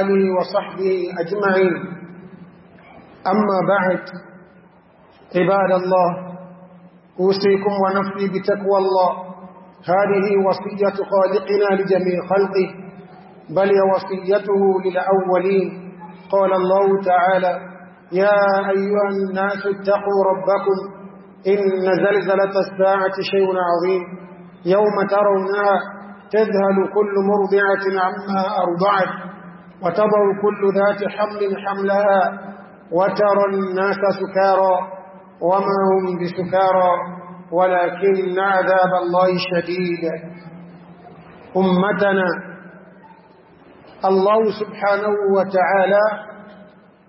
آله وصحبه أجمعين أما بعد عباد الله أوصيكم ونفسي بتقوى الله هذه وصية خالقنا لجميع خلقه بل وصيته للأولين قال الله تعالى يا أيها الناس اتقوا ربكم إن زلزلة الساعة شيء عظيم يوم ترونها تذهل كل مرضعة عما أرضعت وتضع كل ذات حمل حملها وترى الناس سكارى وما هم بسكارى ولكن عذاب الله شديد أمتنا الله سبحانه وتعالى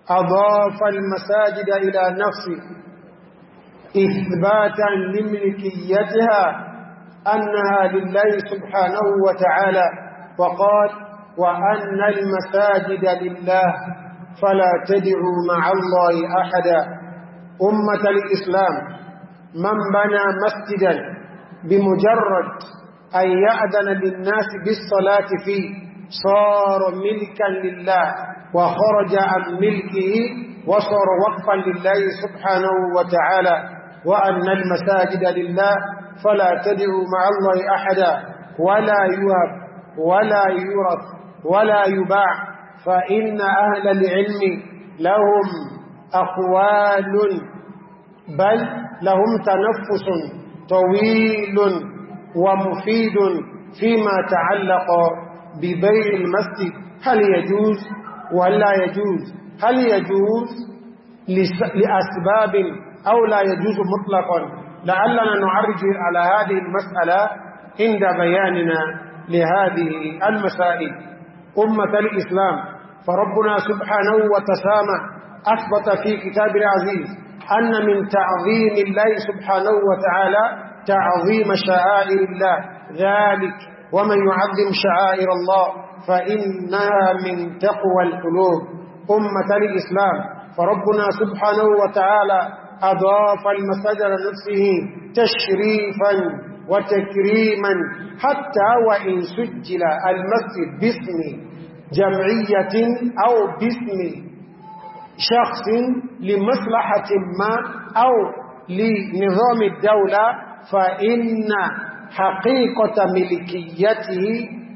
أضاف المساجد إلى نفسه إثباتا لملكيتها أنها لله سبحانه وتعالى وقال وأن المساجد لله فلا تدعوا مع الله أحدا أمة الإسلام من بنى مسجدا بمجرد أن يأذن للناس بالصلاة فيه صار ملكا لله وخرج عن ملكه وصار وقفا لله سبحانه وتعالى وأن المساجد لله فلا تدعوا مع الله أحدا ولا يهب ولا يورث ولا يباع فإن أهل العلم لهم أقوال بل لهم تنفس طويل ومفيد فيما تعلق ببيع المسجد هل يجوز ولا يجوز هل يجوز لأسباب أو لا يجوز مطلقا لعلنا نعرج على هذه المسألة عند بياننا لهذه المسائل أمة الإسلام فربنا سبحانه وتسامى أثبت في كتاب العزيز أن من تعظيم الله سبحانه وتعالى تعظيم شعائر الله ذلك ومن يعظم شعائر الله فإنها من تقوى القلوب أمة الإسلام فربنا سبحانه وتعالى أضاف المسجر لنفسه تشريفا وتكريما حتى وإن سجل المسجد باسم جمعية أو باسم شخص لمصلحة ما أو لنظام الدولة فإن حقيقة ملكيته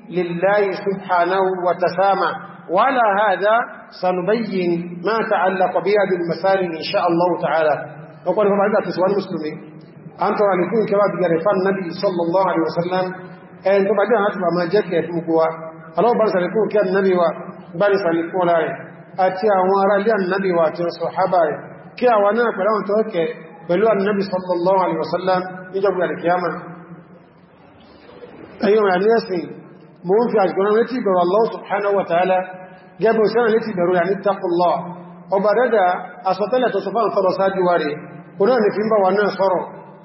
لله سبحانه وتسامى وعلى هذا سنبين ما تعلق بها بالمثال إن شاء الله تعالى وقال فبعدها تسوى المسلمين an tọrọ alikun kẹwa bigare fan nabi sallallahu alaihi wasallam ẹn tó bá jẹ́ àti bá ma jẹ́ kẹ fún kowa alọ́wọ́ bá ní sàrẹ̀kún kẹ annabi wa bá ní sàrẹ̀kún ọlá rẹ̀ àti àwọn ará ilé annabi wa àti sàhábà rẹ̀ kí àwọn náà pẹ̀lú àwọn tọ́ọ̀kẹ́ pẹ̀lú annabi sallallahu alaihi wasallam níjọba alkiyama ayyọ́ rẹ̀ ní ẹ̀sìn mo ń fi àṣìkò rántí ìbẹ̀rù Allah subhanahu wa ta'ala gẹ́bẹ̀ òṣèrè létí ìbẹ̀rù rẹ̀ ní taqullah ọba rẹ̀dà asọ̀tẹ́lẹ̀ tó sọ fáwọn sọ́rọ̀ sáájú wa rẹ̀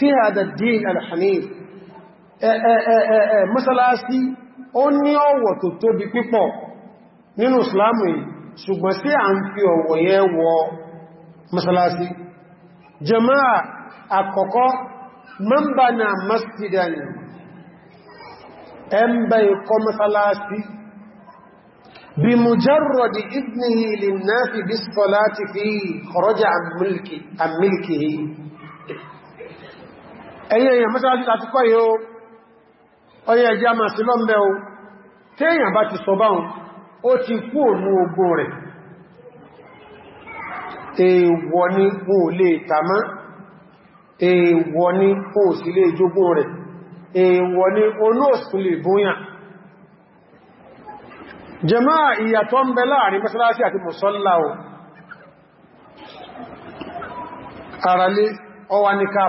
في هذا الدين الحنيف mọ́sálásí ó ní ọ̀wọ̀ tó tóbi pípọ̀ nínú islamu yìí ṣùgbọ́n sí à ń fi ọ̀wọ̀ yẹn wọ mọ́sálásí jama'a àkọ́kọ́ mọ́mbàna masjidani ẹmbà ikọ́ mọ́sálásí bí mujarradi ibnihi lin nafi bis salati fi kharaja an milkihi ẹ̀yẹ èèyàn mọ́sánásí láti kọ́ yóò ọyẹ ẹjẹ́ a máa sí lọ́m̀bẹ̀ o tí èèyàn bá ti sọ báhùn ó ti kú òmú ogun rẹ̀ èèwọ̀ ni kò lè tàmá èèwọ̀ ni kò sí lè jogún rẹ̀ èèwọ̀ ni olóòsùn lè bóyàn jàmáà ìyàtọ̀ ń bẹ láàrin mọ́sánásí àti mọ̀sánlá o aralé ọwa ní káà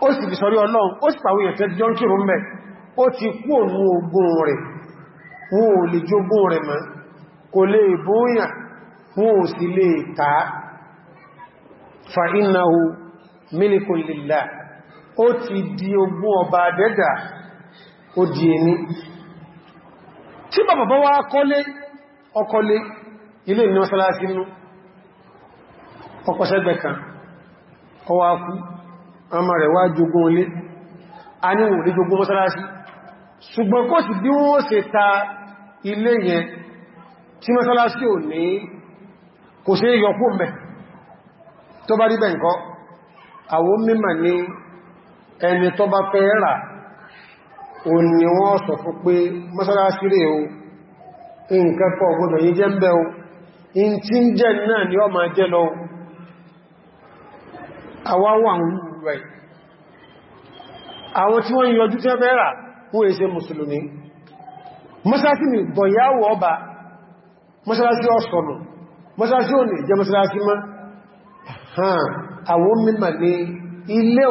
ó sì fi sọrí ọlọ́run ó sì pàwé ẹ̀tẹ́ jọ ń kírò mẹ́ ó ti kú òun ogun rẹ̀ wọn ò lè jogún rẹ̀ mọ́ kò lè bóyàn wọn ò sì lè tàá fa innahu milikun lillah ó ti di ogún ọba dẹ́dà ó di ẹni tí bàbá bá wá kọ́lé ọkọ́lé ilé ìní mọ́sálásí nú ọkọ̀ṣẹ́gbẹ̀ kan ọwá kú ọmọ rẹ̀ wá jogún olé a ní wòlé jogún mọ́sálásí ṣùgbọ́n kò sí bí wọ́n ta ilé yẹn tí mọ́sálásí ò ní kò sí yọkú mẹ́ tó bá rí mímọ̀ ní ẹni tó bá fẹ́ rà ò ní wọ́n sọ pé o nǹkan yí jẹ́ báyìí àwọn tí wọ́n yọjú tí wọ́n fẹ́ rà wọ́n èsẹ mùsùlùmí mọ́sálásí ni bọ̀yáwó ọba mọ́sálásí ọ̀sọ̀nù mọ́sálásí ò jẹ mọ́sálásí mọ́ àwọn mímọ̀ ní ilé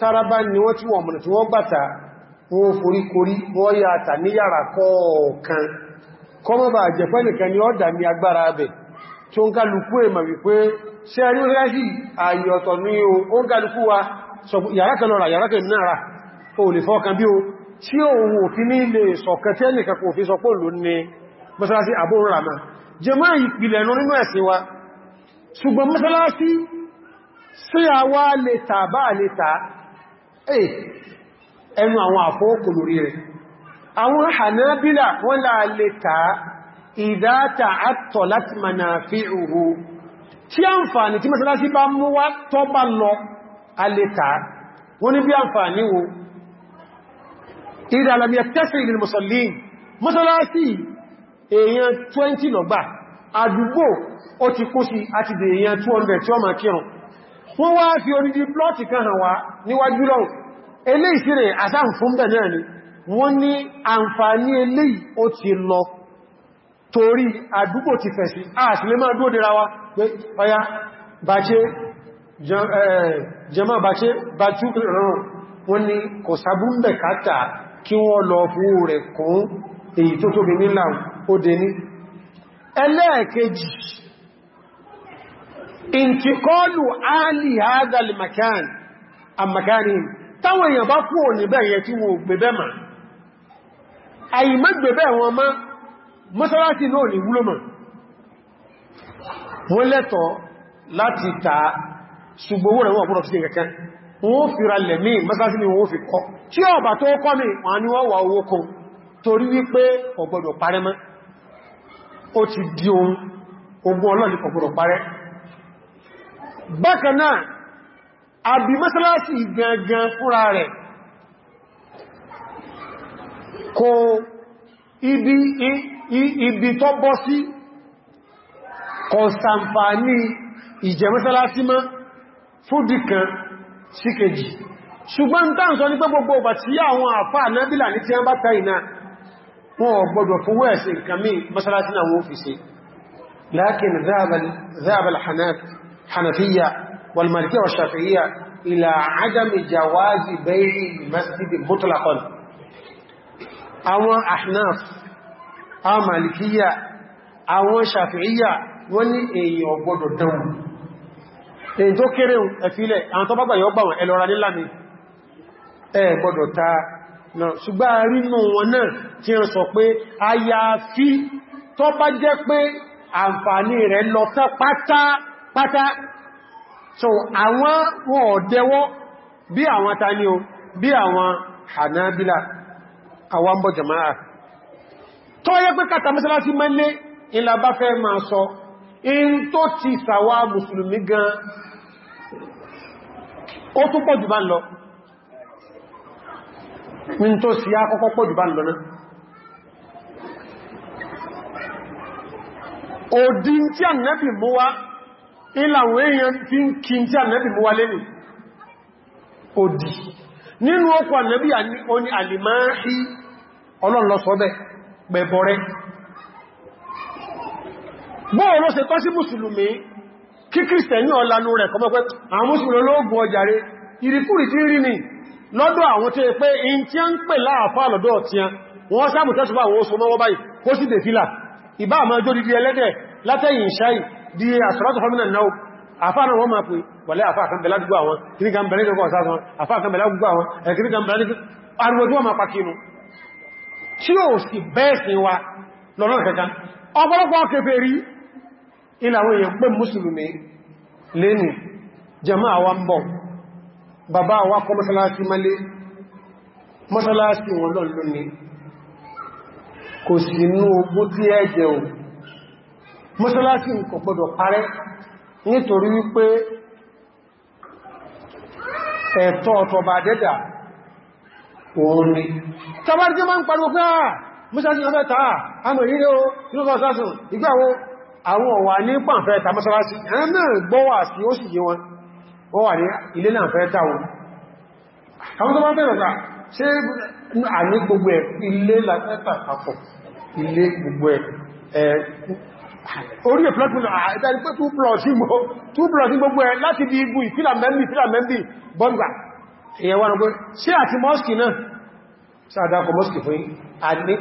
taraba ni wọ́n tí wọ́n bàtà wọ́n forí korí wọ́n ní yàrá kọ́mọ́bà nìkan ni ọ́dà ní tó ń kálukú èmọ̀ wípé ṣe rí rẹ́sì àyọ̀tọ̀ ní o ń kálukú wa yàrá kan lọ́ra yàrá kan náà o lè fọ́kan bí o tí òun òfin ní ilé sọ̀kan tí ẹnìkan kò fi sọpọ̀ ló ní mọ́sálásí àbúrúramá jẹmọ́ ìpìlẹ̀ nínú ẹ̀sìn wa ṣùgbọ́n Hanabila wọ́n láà idha ta'attalat manafi'uhu tí àǹfààní tí mọ́sálásí bá mú wá tọ́ bá lọ alẹ́ta wọ́n ní bí àǹfààní wo idha lam yattasi' lil musallin mọ́sálásí èèyàn 20 lọ́gbà àdúgbò ó ti kó sí àti dè èèyàn 200 tí ó máa kírùn wọ́n wá fi orídi blọ́ọ̀tì torí àdúgbò ti fẹ̀ sí ààsì lè máa dúó dira wa pé ọya bàṣẹ́ jẹmọ́ bàṣẹ́ bàtú rán wọ́n ni kò sàbúnbẹ̀ káàtà kí wọ́n lọ fún rẹ̀ kún èyí tó tóbi nílà ó dé ní ẹlẹ́ẹ̀kejì àádàlì mọ́sálásí náà ní wúlò mọ̀ wọ́n lẹ́tọ̀ láti ta ṣùgbówó rẹ̀ wọ́n púrọ̀ sí kankan wọ́n fi ra lẹ̀ mí mọ́sálásí ni wọ́n fi kọ́ tí ó bà tó kọ́ mi wọ́n ni wọ́n wà owó kan torí wípé kò gbọdọ̀ parẹ́ mọ́ ó ti di ohun ogun ọlọ́ni kò gbọdọ̀ parẹ́ bákan náà àbí mọ́sálásí gangan fúnra rẹ̀ kò ibi ibi tó bọ́ sí kọ̀sàǹfàní ìjẹ̀mẹ́sálásí mọ́ fúdì kan sí kejì ṣùgbọ́n tán sọ ní pé gbogbo ọba tí àwọn àfà nábìlà ní tí wọ́n bá tàí náà wọn ò gbọdọ̀ fowó ẹ̀sẹ̀ nǹkan mí wọ́n fi ṣe lákin záàbàl hanafiya àwọn ahnaf àwọn malikiya àwọn shafi'iya wọ́n ní èyàn ọgbọ́dọ̀ dánwò èyí tó kéré ẹ̀fílẹ̀ àwọn tó bágbà yọ́gbà wọn ẹlọ́ra nílá ni ẹ gbọ́dọ̀ ta náà ṣùgbọ́n rínú wọn náà tí ń sọ pé àyàfi tó bá jẹ́ pé àǹfààní rẹ̀ lọ tán pátápátá so àwọn wọn ọ̀dẹ́wọ́ bí àwọn tani bí àwọn Hanabila àwọn bọ̀ jama'a tó yẹ pé kàtà mẹ́sàlásí mẹ́lé ìlà bá fẹ́ máa sọ in tó ti sàwà mùsùlùmí gan ó tún pọ̀ jù bá ń lọ ní tó sì á kọ́kọ́ pọ̀ jù bá ń lọ náà òdí tí ànẹ́bì mú wá ìlàwọ̀ èèyàn fi ń kí tí ànẹ́bì mú wá lẹ́nu òdí nínú ọkọ̀ ànẹ́bì àní àlìmáà ọlọ́run lọ sọ bẹ́ pẹ̀bọ̀rẹ́ bọ́ọ̀ ló ṣe tọ́ sí mùsùlùmí kí kìrìsìtẹ̀ní ọ̀lanú rẹ̀ kọmọ́ àwọn mùsùlùmí olóògùn ọjàre ìrìkúrì tí rí ni lọ́dọ̀ àwọn tó pé in tí a ń pè láàfáà lọ́dọ̀ tí a wọ́n sáàmù tẹ́sùfà wọ́n so mọ́wọ́ báyìí kó sì dèfílà ìbá àmà jó dídí ẹlẹ́dẹ̀ látẹ̀yìn ṣáì di àṣọ́lọ́tọ̀ fọ́mìnà náà àfáà náà wọ́n máa pè wọlé àfáà kan bẹ̀lá dúgbà wọn kìníkà ń bẹ̀lẹ́ tí ó sì bẹ́ẹ̀sìn wa lọ́nà kẹta ọ̀pọ̀lọpọ̀ kẹfẹ́ rí ìlàwọ̀ èèyàn pé mùsùlùmí lẹ́nu jama'a wa ń bọ̀ bàbá wa kọ mọ́sálásí malé mọ́sálásí wọn kò sí inú òun ni tàbárí tí ó máa ń pariwo pé àà mọ́sálásí ọmọ ẹ̀ta àmọ̀ ìrírẹ́ o inú sọ́sásùn ìgbàwó àwọn ọ̀wà ní pàǹfẹ́ ta mọ́sálásí ẹ̀rẹ́ náà gbọ́wà sí ó sì yí wọn ó wà ní ilé náà fẹ́ ta wọn àwọn tó bá bẹ̀rẹ̀ ta ṣe àní gbogbo ẹ̀ ilé látẹ́ta papọ̀ ilé gbogbo ẹ̀ orí ìpínlẹ̀ àìdárí pé 2 plus 2 plus gbogbo ẹ̀ láti di igun ìpínlẹ̀ mẹ́bí ìpínlẹ̀ mẹ́bí bọ́ngbà èyàn wà rọgbọ́n sí àti mọ́sùkì náà sáàdákọ mọ́sùkì fún àní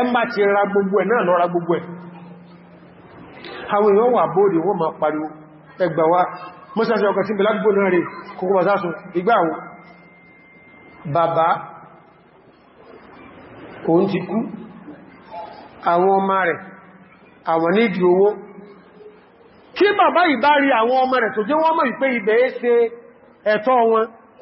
ẹmbà ti ra gbogbo ẹ̀ náà lọ ra gbogbo ẹ̀ àwọn èèyàn wà bóòdì wọ́n ma pariwo ẹgbà wá mọ́sànsí ọkọ̀ tí bẹ̀lágbò náà rẹ̀ kòkó bàtásùn ìgbàwó bàbá òun ti kú àwọn ọmọ rẹ̀ àwọn nídi owó kí bàbá ìbá rí àwọn ọmọ rẹ̀ tó ẹ̀tọ́ wọn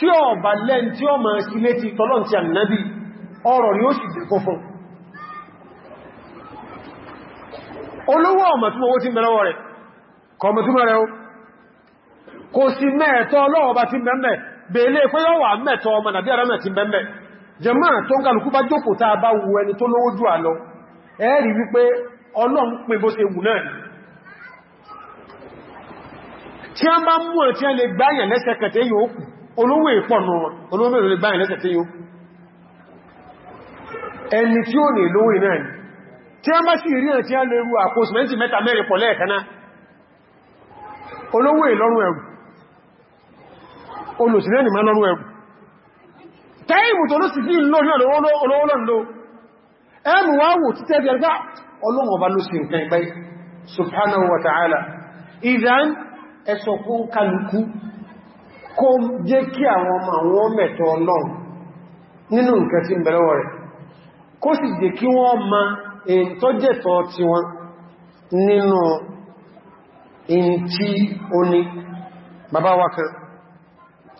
tí ó bá lẹ́n tí ó máa sí létí tọ́lọ́n ti ọ̀rọ̀ ni ó sì dẹ̀kọ́ fún olówó ọmọ tí ti mẹ́rọwọ́ rẹ̀ kọmọ tí mẹ́rẹ̀ ó kò sí mẹ́ẹ̀tọ́ ọlọ́ọ̀bá ti mẹ́mẹ́ bèèlé pé yọ́ wà mẹ́ẹ̀tọ́ ọmọ nàbí arámẹ́ ti mẹ́mẹ́ jẹmọ́ tó ń kàlùkú bá jókòó tá a bá wu ẹni tó lówó jù àlọ ẹ̀ẹ́rì wípé olówó ìpọ̀nù na mẹ́rin lè báyìí lẹ́sẹ̀ tí yóò ẹni tí ó lè lówó iná ni tí a bá sì rí ẹ̀ tí a lè rú àpò sìmẹ́ntì mẹ́ta mẹ́rin pọ̀ lẹ́ẹ̀kaná olówó ìlọ́rún ẹrù olùsìnẹ́ni má lọ́rún ẹrù kó jẹ́ kí àwọn ọmọ àwọn mẹ̀tọ̀ ọlọ́run nínú nǹkan tí ń bẹ̀rẹ̀ wọ̀ rẹ̀ kó sì jẹ́ kí wọ́n ma èyí tó jẹ́tọ̀ ti wọn nínú èyí tí bàbá wákẹ́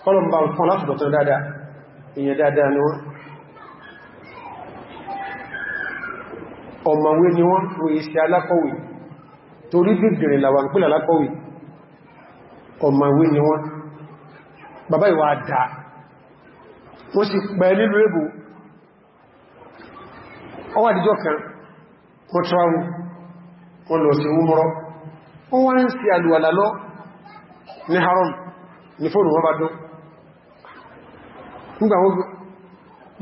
kọlọmbà fún láti dọ̀tọ̀ dáadáa èyàn dáadáa ni wọ́n ọ̀mọ̀wé ni wọ́n wo iṣẹ́ alákọ̀wé torí gbígbìrì làwọn pílà alákọ̀wé ọ̀mọ̀wé ni wọ́n bàbá ìwà àdá wọ́n sì pẹ̀ nílùú èbò ọwọ́ àdíjọ́ kan wọ́n tọ́wọ́ wọ́n lọ sí umrọ́ ó ń sí lọ ní haram ní fóònù wọ́n bá dán nígbà wọ́n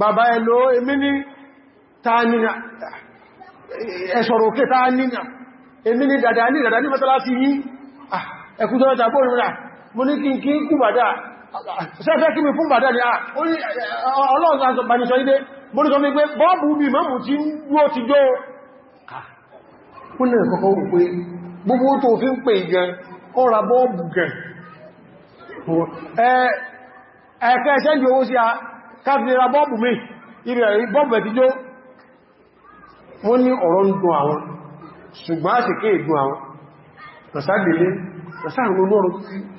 bàbá ẹ lọ ní tánínà ẹ̀ṣọ̀rọ̀ òkè tánínà èmi ní dàdà ah, ní dàdà ní yí ṣẹ́fẹ́ kí mi fún bàdẹ́ ni ah, eh, ọlọ́run bàníṣọ́ ilé mọ́ ní sọ bọ́ọ̀bù bí mọ́mù tí ti jó kúnnà ah, kọ́kọ́ pé gbogbo tó fi ń pè gan ó bọ́ọ̀bù gan eh, ẹ̀ẹ́kẹ́ ṣẹ́ owó a mi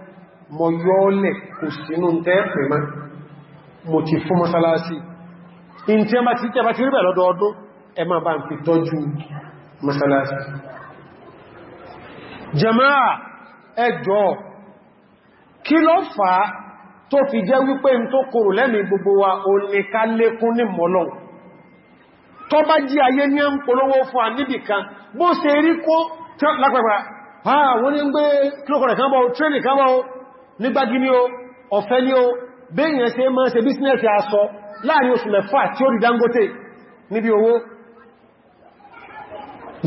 mọ yọ́ọ̀lẹ̀ kò sínú tẹ́ẹ̀pẹ̀ mọ́ mo ti fún mọ́sálásí in tí a bá ti kí a bá ti rí bẹ̀ lọ́dọọdún ẹ máa bá ń fi tọ́jú mọ́sálásí jàmáà ẹjọ́ kí ló fà á tó fi jẹ́ wípé n tó kòrò lẹ́mí gbogbo wa o ní ká lékún ní mọ́lọ̀ tó bá jí ayé ní ń polówó fún àníbìkan bó ṣe rí kó lápẹ̀pẹ̀ àwọn ah, ní kílòkọ̀rẹ̀ kan bọ́ trénì nígbàgí ní o ọ̀fẹ́ ní o bẹ́yìn ẹsẹ máa ṣe bísínẹ̀sì aṣọ láàrin oṣù mẹ́fà tí ó rí Dangote níbi owó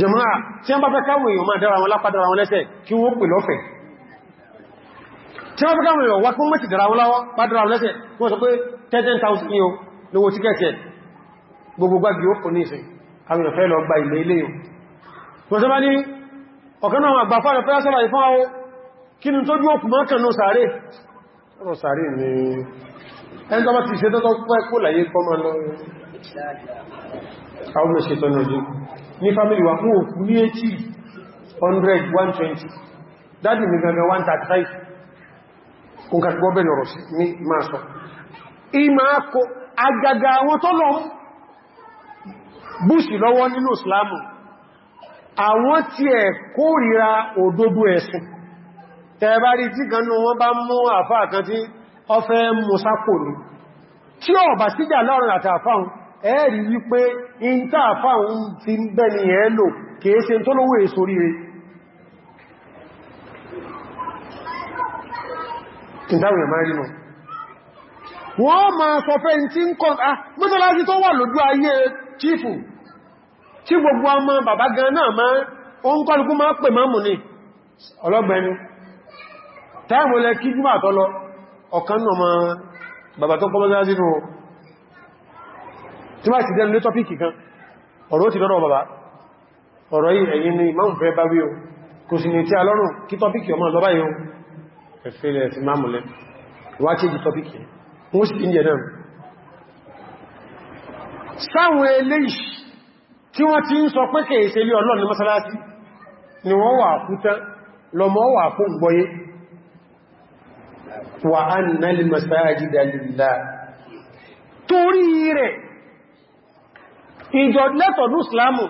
jàmáà tí a bá fẹ́ káwọn èèyàn máa dára wọn lápá dára wọn lẹ́sẹ̀ kí wọ́n pè lọ́fẹ̀ tí a bá fẹ́ káwọn èèyàn wá kún mẹ́sì dára wọn láwọ́ pá dára wọn lẹ́sẹ̀ wọ́n kí ni tó dúó kùmọ́ kan sàárè sàárè ni ẹni tó bá ti ṣe tọ́tọ́ pẹ́ kó láyé kọ́ ma lọ àwọn mẹ́ṣe tọ́nà jù ní fámílì wà fún òkú ní 80 100 120 dáadì mi gangan 135 kún kàtí gbọ́ bẹ́ẹ̀ lọ́rọ̀ sí ní máa sọ àwọn tí ẹ̀ kórìíra òdodo ẹ̀sùn tẹ́ẹ̀bá rí tí kan nù wọ́n bá mú àfá kan tí ọ fẹ́ mọ́sápò ní tí ọ bá síjà láàrin àti àfáhùn ẹ̀ẹ́rí wípé in tá àfáhùn ti ń bẹ́ ni ẹ̀ lò kìí ṣe tó lówó èso ríre wọ́n ma sọ fẹ́ tí ń kọ́ ah, mọ́sálásí tó wà lójú ayé chiefu tí gbogbo ọmọ bàbá gan náà máa ń kọ́lùkú máa pè máa mù ní ọlọ́gbẹ̀ni táàmù lẹ kí jùmọ́ àtọ́lọ ọ̀kan náà ma bàbà tó pọ́mọ́dá sínú tí máa ti dẹnu lé tọ́pìkì kan ọ̀rọ̀ ti dọ́rọ̀ bàbá ọ̀rọ̀ yìí ẹ̀yin ni máa ń fẹ́ bá wí o kò sì ní tí alọ́rùn kí tọ́pìkì ọmọ lọ́bá yóò ẹ̀fẹ́lẹ̀ ti máa múlẹ̀ wá tí èjì tọ́pìkì wọ́n ni wọ́n wà kútán lọmọ wà fún gbọ́yé wà anna al-masajida lillah torí rẹ̀ ìjọ lẹ́tọ̀dún islamu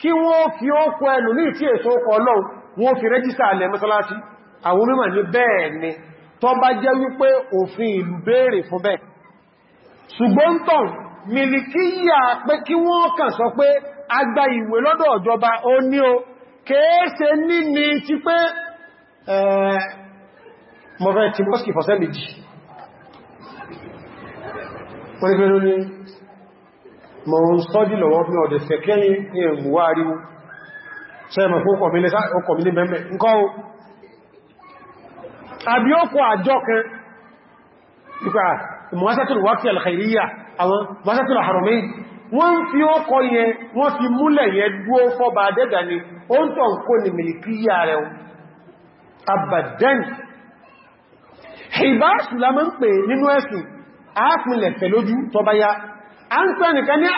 kí wọ́n fi ókú ẹlù ní ìtí èso ọkọ̀ ọlọ́run wọ́n fi rẹ́jísà alẹ́ mọ́sálásí àwọn mímọ̀ ní bẹ́ẹ̀ ni tó bá jẹ́ wípé òfin ìlú béèrè fún bẹ́ẹ̀ ṣùgbọ́n tàn mìlìkíyà pé kí wọ́n kàn sọ pé agba ìwé lọ́dọ̀ ìjọba ó ní o kèése níní ti pé mo fẹ́ ti mọ́sí fọ́sẹ́ méjì wọ́n ibẹ̀ ló ní mọ̀ ń sọ́dí lọ́wọ́ bí ọ̀dẹ̀ sẹ̀kẹ́rin ní ẹ̀mùwá àríwú sẹ́mọ̀ fún ọkọ̀mílé wọ́n fi ọkọ̀ yẹn wọ́n fi múlẹ̀ yẹn dúó fọ́bà dẹ́gà ni ó ń tọ́ ń kó ní mìlìkíyà rẹ̀ ìbáṣù la mọ́ ń pè nínú ẹ̀sìn àápìnlẹ̀ pẹ̀lójú tó bá yá a ń pẹ́ nìkan ní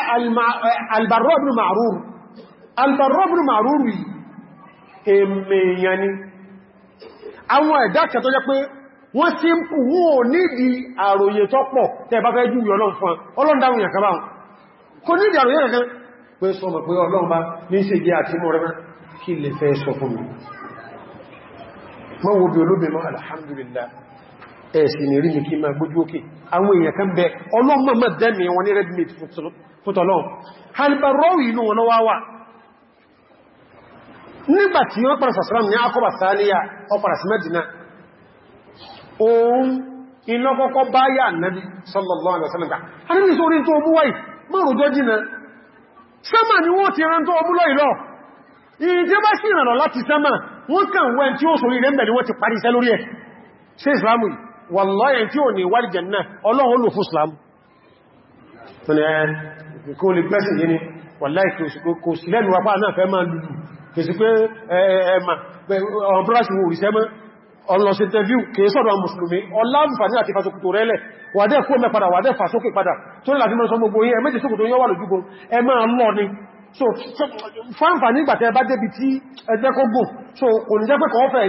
albarobin ma'rur albarobin ma'rur rí èmèyàn ni àwọn ẹ̀dá kẹtọ́ jẹ́ pé wọ́n sí ń pù wọ́n ò nídi àròyè tó pọ̀ tẹ́ bá fẹ́ jú Ọlọ́run fún ọlọ́ndáwùn yẹ̀kan báwọn kò nídi àròyè kankan bí olóbi mọ́ alhamdulillah ẹ̀sìn ní rí ní kí máa gbójú òkè àwọn èèyàn kan bẹ ọlọ́mọ mọ́ dẹ́mì wọn ní redmate fútọlọ́n halibarọ́wì inú wọn wá wà nígbàtí wọ́n pàrà sàṣírám ní akọ́bà sáníyà ọpàrà sí mẹ́dínà òun iná kọ́kọ́ bá yà nábi sallallahu alaihi wasallam wọ́n kàn wẹ́n tí ó sórí rẹ̀ mẹ́rin wọ́n ti parí iṣẹ́ lórí ẹ̀ ṣe ìsìlámù yìí wàláyẹ̀ tí ò ní wà jẹ́nà ọlọ́run olù fún islam tó ní ẹn eh, kó lè pẹ́sì yìí ni wàláyẹ̀ kò sí lẹ́nu apá náà fẹ́ máa lùlù kò sí pé ẹ̀mà ọ̀bọ̀rásì wò ìṣẹ́ mọ́ ọlọ́sí tẹ́víù kìí sọ́dọ̀ mùsùlùmí ọláǹfàní àti fàṣokùtò rẹ̀ lẹ̀ wàdẹ́ kó mẹ́ padà wàdẹ́ fàṣókè padà tó nílàtí mọ́ sọ gbogbo yẹn ẹmẹ́jì sókùtò yọ́wà lójúgbò ẹmẹ́ ọlọ́ ni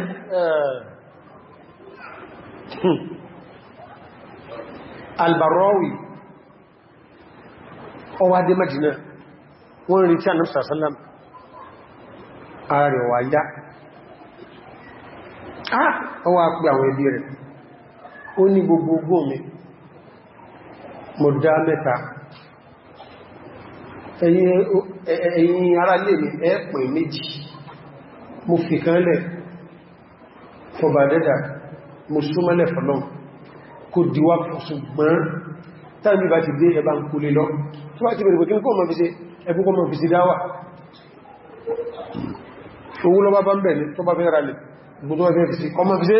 Hmm. albarawi ọwá dé Madina wọ́n rí tí a náà sàásánlám ààrẹwà yá ọwá ah! pẹ àwọn ẹbí rẹ̀ ó ní gbogbogbò mi mo dá mẹ́ta ẹ̀yin ara lè ní ẹ̀pẹ̀ méjì mo fi kan lẹ̀ fọ̀bàdẹ́dà mo súnmọ́lẹ̀ fọ́lọ́ kò díwá ṣùgbọ́n tàbí bá ti dé ẹba ń kú lé lọ tó bá ti bẹ̀rẹ̀ pẹ̀kí kọ́ ma fi ṣe ẹkùn kọ́ ma fi ṣe dáwà owó lọ bá bá ń bẹ̀rẹ̀ tó bá fẹ́ ralẹ̀ gbogbo ẹgbẹ́ fi ṣe kọ́ ma fi ṣe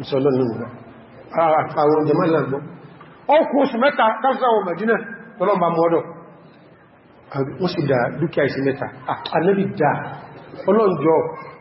ìṣọ́lọ́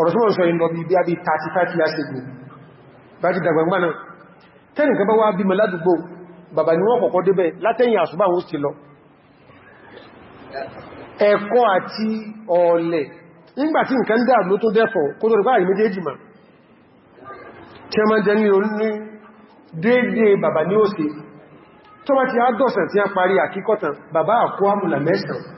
ọ̀rọ̀ tí wọ́n sọ ìlọ bí i 35 years ago bá ti dàgbàgbà náà tẹ́nì kan bá wá bí mẹ́ládùgbò bàbá ni wọ́n kọ̀kọ́ débẹ̀ látẹ́yìn àṣùgbà wọ́n sì lọ ẹ̀kọ́ àti ọ̀lẹ̀ nígbàtí nǹkan dáà ló tó dẹ́fọ̀ kó tó rẹ̀gbà ìméjèèjì mà tí a máa jẹ́ ní oní dédé bàbá ní ó sì tó bá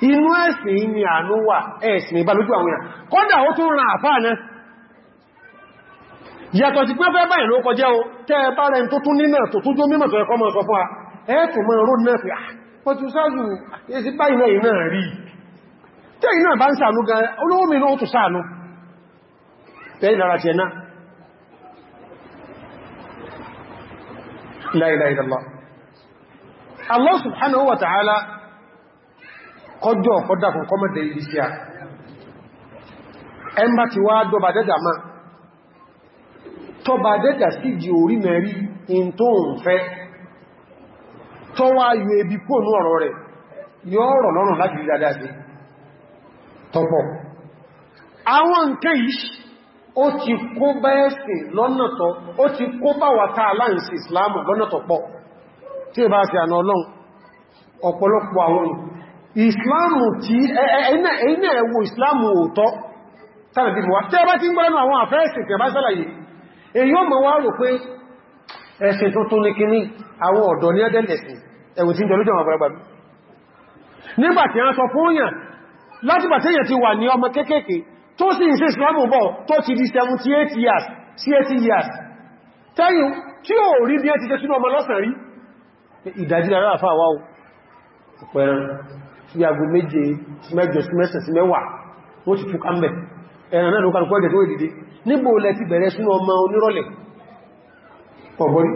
inú ẹ̀sìn ni àánú ẹ̀sìn ìbá àwọn èèyàn kọ́dà ó tún àfáà náà yàtọ̀ ti pẹ́ fẹ́ báyìí ló kọjẹ́ o tẹ́ rẹ̀ tó tún nínà tó tún jó mímọ̀ tó ẹkọ́ mọ́ a ẹ̀ẹ́tù mọ́ ròd náà fi pọ̀tù sáàzù èsì báyìí náà kọjọ́ ọ̀kọ́dàkùn kọmọ̀dẹ̀ ibi sí à ẹmbà ti wá dọba dẹ́dà máa tọba dẹ́dà sí di orí mẹ́rí in tó ń fẹ́ tọ́ wá ebi kó ọ̀rọ̀ rẹ̀ yọ ọ̀rọ̀ lọ́rùn láti rí dáadáa àwọn ó ti kó bá ẹ̀sìn lọ́nàtọ̀ ti kó bá wàtá aláìsí islamu lọ́nàtọ̀ pọ̀ tí bá ti ọlọ́run ọ̀pọ̀lọpọ̀ àwọn ìsìláàmù tí ẹ̀yìn ẹ̀wò ìsìláàmù òótọ́ tàbí mọ̀ tẹ́ bá ti ń gbọ́nà àwọn àfẹ́ẹ̀sì tẹ̀bá sálàyé èyí ó mọ̀ wá rò pé ẹ̀sìn tuntun ní kíní àwọn ọ̀dọ́ ní ẹ̀dẹ́lẹ̀sìn ẹ̀wò tí ń jọ lójọ́ àgbàlagbàmí nígbàtí a sọ ti wà ní ọmọ kéékèèké tó sì ń ṣe ìsìláàmù bọ̀ years sí years tẹ́yìn tí ó rí ti jẹ́ sínú ọmọ lọ́sàn rí ìdájí lára àfáà wáwó pẹ̀rẹ̀ sí agbó méje mẹ́jọ sí mẹ́sàn sí mẹ́wàá wọ́n ti fúkà mẹ́ ẹ̀rọ náà lókàrù pọ́jẹ̀ tó èdìdì níbo lẹ ti bẹ̀rẹ̀ sínú ọmọ onírọ̀lẹ̀ ọ̀bọ̀rí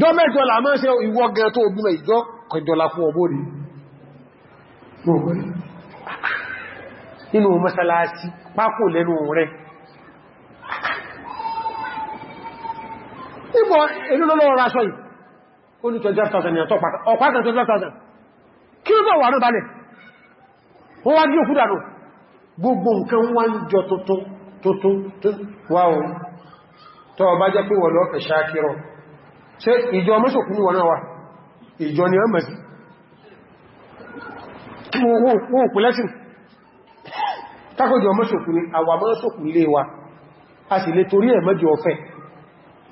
dọ́mẹ́jọ là máa ṣe ìwọ gan tó obìnrin ìjọ kọjọlá fún ọbọ̀rí nínú mọ́sálásí pákò lẹ́nu rẹ̀ níbo èlú lọ́lọ́ kí ló bá wà náà balẹ̀ wọ́n wá bí òkú dànù gbogbo nǹkan wá ń jọ tuntun tuntun wá o tọ́ ọba jẹ́ pé wọ́n ẹ̀ṣà kírọ̀ ṣe ìjọ mọ́sùnkún wọn náà wà ìjọ ni ọmọ sí wọ́n kú lẹ́sìn kákòjọ mọ́sùnkún àwà mọ́sùnkún lé wa a sì lè torí ẹ̀ mọ́jọ ọ̀fẹ́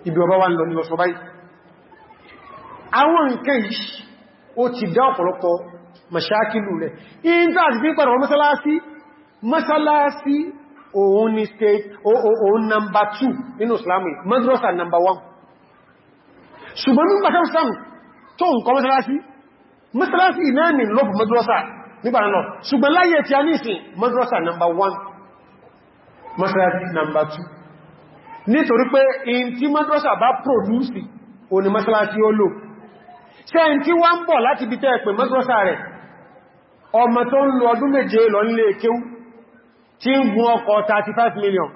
ibi ọba wa àwọn nǹkan yìí ó ti dá ọ̀pọ̀lọpọ̀ mọ̀ṣákìlù rẹ̀. in fact bí pẹ̀rọ mọ́sálásí mọ́sálásí òun ni state òun number two nínú islamu madrasa number one ṣùgbọ́n ní pàtàkì sam tó ń kọ mọ́sálásí mọ́sálásí iná ni lọ́pù madrasa nígbà náà ṣùgbọ́n láyé tí a ní ìsìn madrasa number one mọ́sálásí number two nítorí pé in ti madrasa bá produce òun ni mọ́sálásí ó lò ṣe in tí wá ń bọ̀ láti bí tẹ́ ẹ̀pẹ̀ rẹ̀ ọmọ tó ń lo ọdún méje lọ nílé kéwú tí ń gun ọkọ̀ 35 million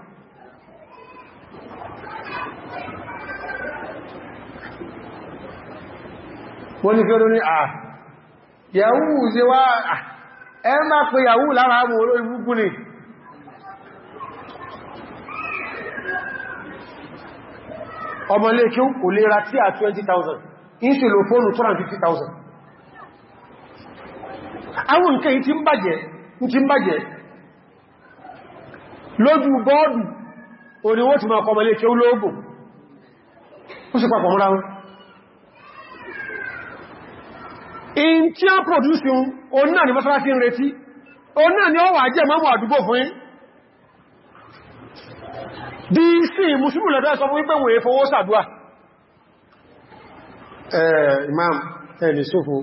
wọ́n ni fẹ́rọ ní àà ah, yahoo ṣe wá ah, ẹ má pé yahoo lára mọ̀ olórin gúgún ni ọmọ ilé kéwú kò lè ra tí à 20,000 ìṣèlò fóònù 250,000 àwọn nǹkan yìí ti ń bàjẹ́ ti ń bàjẹ́ lójú bọ́ọ̀dù oníwó ti máa kọmọlé kí ó lóògùn ó sì papọ̀ múra wọn in tí a pọ̀dúsí náà ni mọ́sánásí ń retí òun náà ni ó wà jẹ́ mọ́mù àdúgbò fún yín bí sí musulmi lọ́dọ́ fún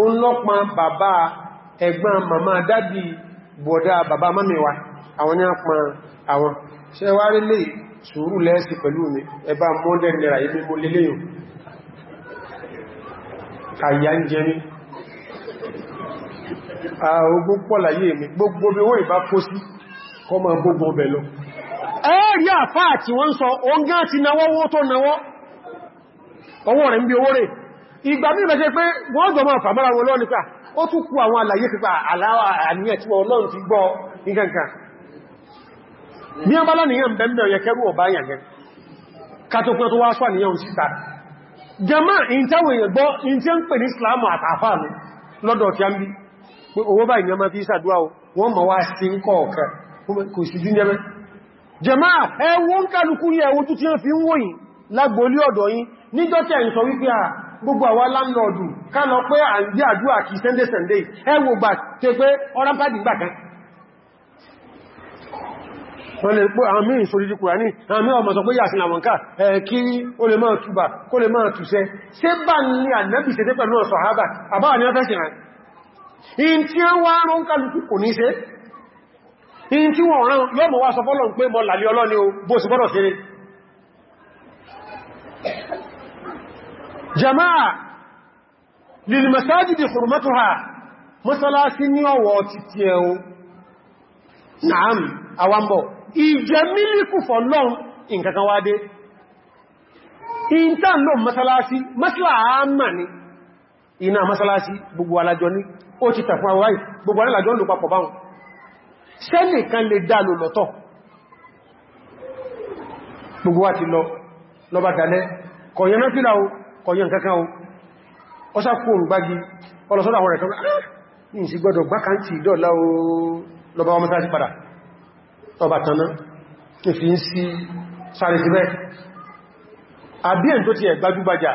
o ń lọ́pa bàbá ẹ̀gbọ́n màmá dádì bọ̀dá bàbá mọ́míwá àwọn ní àpá àwọn ṣe wá rí lè sùúrù lẹ́ẹ̀sì pẹ̀lú mi ẹbá mọ́lẹ̀ ibi mo lélẹ́yìn kàyà ń jẹni ogun pọ̀láyé mi gbogbo bí wọ́n ìbá kó sí ìgbà mí mẹ́ṣe pé wọ́n jọ máa fàbára wọn lọ́nà pé ah, ó tún kú àwọn àlàyé pípa ah, àláwà àníyàn tí wọ́n lọ́nà ti gbọ́ nǹkankan ní ọmọ lọ́nìyàn bẹ̀m̀bẹ̀ ọ̀yẹ kẹrù ọba yàgẹ́ jama ìntàwò ìgbọ́ in tí ó ń pè ní Islam àtàfà ni a máa fi ṣàdúwà wọ́n ma wá sí jama ẹwọ́n kálukú ní ẹwọ́ tó tí wọ́n fi ń wòyìn lágbólé ọ̀dọ̀ sọ wípé à ah, gbogbo àwọn láńlọ́ọ̀dù ká lọ pé à ń jẹ́ àdúrà kí sunday sunday ẹwò gbà tẹ pé ọ́rán pàdì gbà kan wọ́n lè pọ́ àwọn mìíràn ní àwọn ọmọ sọ pé yàsìn ká kí lè máa túbà kó lè máa túsẹ́ ṣe bá ní pẹ̀lú ọ̀sọ̀ àbá جماعة lil masajidi hurmatuha mọ́sálásí ní ọwọ́ títí ẹ̀hùn na'am awambo ìjẹ mílíkù fọ́lọ́n nǹkankan wá dé ìntàn náà mọ́sálásí mọ́sálàámà ni iná mọ́sálásí gbogbo alájọ ní ó gbogbo alájọ lò papọ̀ báhùn sẹ́nìkan lè dá lò lọ́tọ̀ gbogbo wá ti lọ lọ́bàdàlẹ́ kọ̀yẹ́ná fílà o kọ̀yàn kankan o ọ sá kúrò gbági ọlọ́sọ́dọ̀ àwọn ẹ̀kọ́ ní ah, ìsì gbọ́dọ̀ gbákàntì ìdọ́lá o lọba wọn mẹ́sàájì padà ọba tanná ìfì ń sí sáré sí bẹ́ àbíyàn tó ti ẹ̀ gbájúgbájà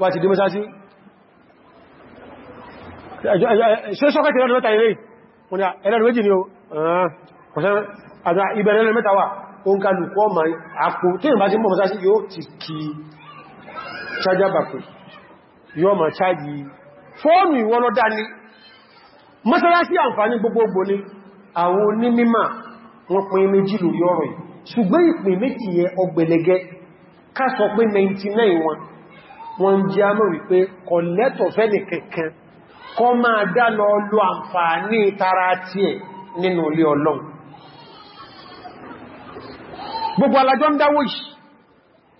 wà ti dé mẹ́sàájì ṣe sọ́kẹ́kẹ́ lọ́dún mẹ́ta ilé wọn ẹlẹ́rùn méjì ni o ọ̀sán ìbẹ̀rẹ̀ lẹ́rùn mẹ́ta wà ó ń kálùkọ́ ọmọ àpò tí ìbá ti mọ́ mẹ́sàájì yóò ti kìí charger battery yóò ma chájì fóònù ìwọ́n lọ́dá ní mọ́sálásí àǹfààní gbogbogbò ní àwọn onímímà wọ́n pín méjì lórí ọ̀rọ̀ yìí ṣùgbọ́n ìpín méjì yẹn ọgbẹ̀lẹ̀gẹ́ ká sọ pé 99 wọn wọ́n jẹ́ àmọ́ wípé kò lẹ́tọ̀ fẹ́ni kankan kọ́ máa dá lọ lo àǹfààní tara tí ẹ̀ nínú ilé ọlọ́run gbogbo alájọ́ ń dáwó yìí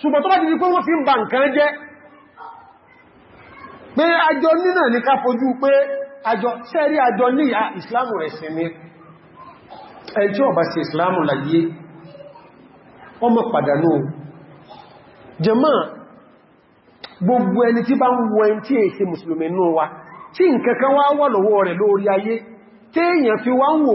ṣùgbọ́n tó bá dìdí pé wọ́n fi ń ba nǹkan jẹ́ pé àjọ nínà ní ká fojú pé àjọ sẹ́rí àjọ ní à ìsìláàmù ẹ̀sìn ni ẹjọ́ si sí ìsìláàmù láyé ọmọ pàdánù jẹmọ́ gbogbo ẹni tí bá ń wọ ẹni tí èsì mùsùlùmí nú wa tí nkankan wá wà lọ́wọ́ rẹ̀ lórí ayé téèyàn fi wá ń wò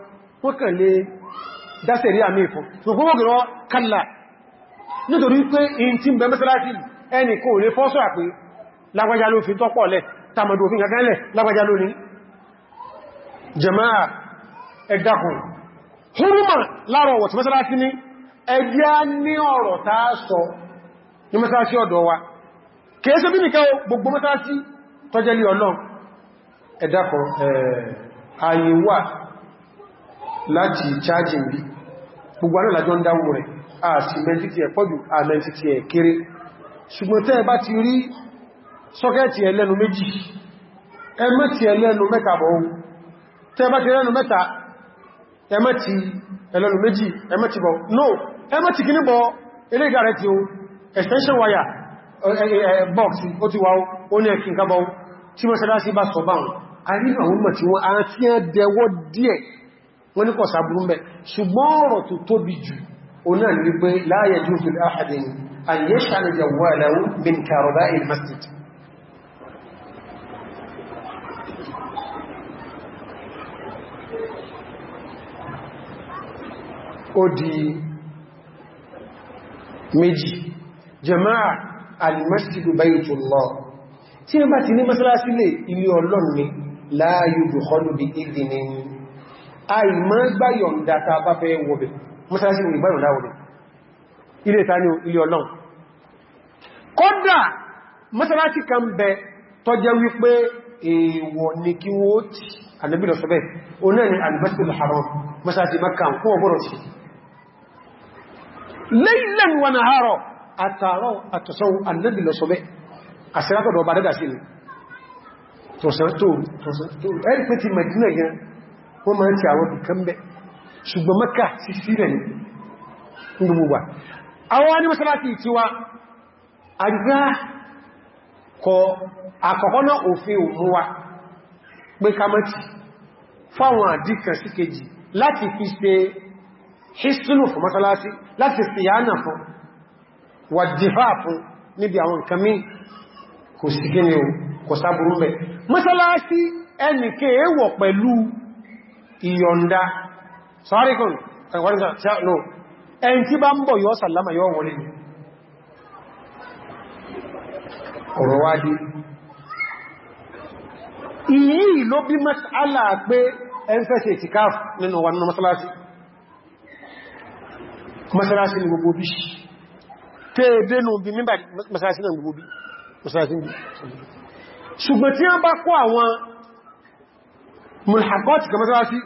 wọ́n kàn ami dáṣẹ̀ rí àmì ìfún ṣùgbọ́n wọ́n gẹ̀rọ kàlà nítorí pé in tí bẹ mẹ́sàlásì ẹni kò lè fọ́sọ́ àpé lágbàjá fi tọ́pọ̀ ni. tàmàdù òfin ní jama'a ni wa gbogbo ẹ̀dàkùn ààyè láti charging bí gbogbo anáà lájọ́ ń dáwò rẹ̀ àti mẹ́ntítì ẹ̀ pọ̀jù àmẹ́ntítì ẹ̀ kéré ṣùgbọ́n tẹ́ bá ti rí sọ́kẹ́ẹ̀tì ẹlẹ́nu méjì ẹmẹ́tì ẹlẹ́nu mẹ́ta bọ̀ tẹ́ bá ti ẹlẹ́nu mẹ́ta ẹmẹ́tì ẹlẹ́nu méjì no ẹmẹ́tì kì ní bọ̀ extension wire box ó ti wà ó ní ẹ̀kì nǹkan bọ̀ tí mọ́ sẹ́dá sí bá sọ wọ́n ní kò sàbúrú mẹ́ ṣùgbọ́n ọ̀rọ̀ tó tóbi jù o náà ní pé láàyẹ jù fi láàdín àyẹ́ ṣàlẹ̀jẹ̀ wà láwú bin kàrọ̀bá il-masjid ó di méjì jama'a al-masjid baytullah tí ẹ bá ti ní masalasi lè ilé ọlọ́ni láàyù dùkọlù bí ìdìnìyàn àìmọ́ gbáyọ̀ǹda ta bá fẹ́ wọ̀bẹ̀ mọ́sánásí ní gbáyọ̀ǹda wọ̀bẹ̀ ilé ìta ní ilé ọlọ́run kódà mọ́sánásí kan bẹ tó jẹ́ wípé èèwọ̀ ní kí wó tí ànàbílọ̀ sọ bẹ́ẹ̀ o náà ni albasul haram mọ́sánásí maka kún ọgbọ́rọ̀ sí laylan wa nahara ti mẹ̀dínà yẹn wọ́n máa ti àwọn kìkan bẹ̀ ṣùgbọ́n mẹ́kà sí sílẹ̀ ní gbogbo wa àwọn ní mọ́sálásí tí wá àgbá kọ àkọ́kọ́nà òfin òmú wa pé kamọ́tì fáwọn àdíkà sí kejì láti fi ṣe hìsùnù fún mọ́sálásí láti fi yánà fún wà dìfà fún níbi àwọn nǹkan kò sí kí ni kò sáburú ẹnìkẹ́ èèwọ̀ pẹ̀lú ìyọ̀nda sọ́ríkùn ẹ̀wọ̀nìsà tí a lò ẹn tí bá ń bọ̀ yọ́ sàlámà yọ́ wọlé ní ọ̀rọ̀ wájí ìyí ló bí mas'ala pé ẹn fẹ́ ṣe ìtìkáf nínú wọn masalasi masalasi ni gbogbo bí tẹ́ẹ̀dẹ́nu bí mímbà masalasi náà gbogbo bí masalasi bí ṣùgbọ́n tí a bá kó àwọn mulhakọ́tì kamasalasi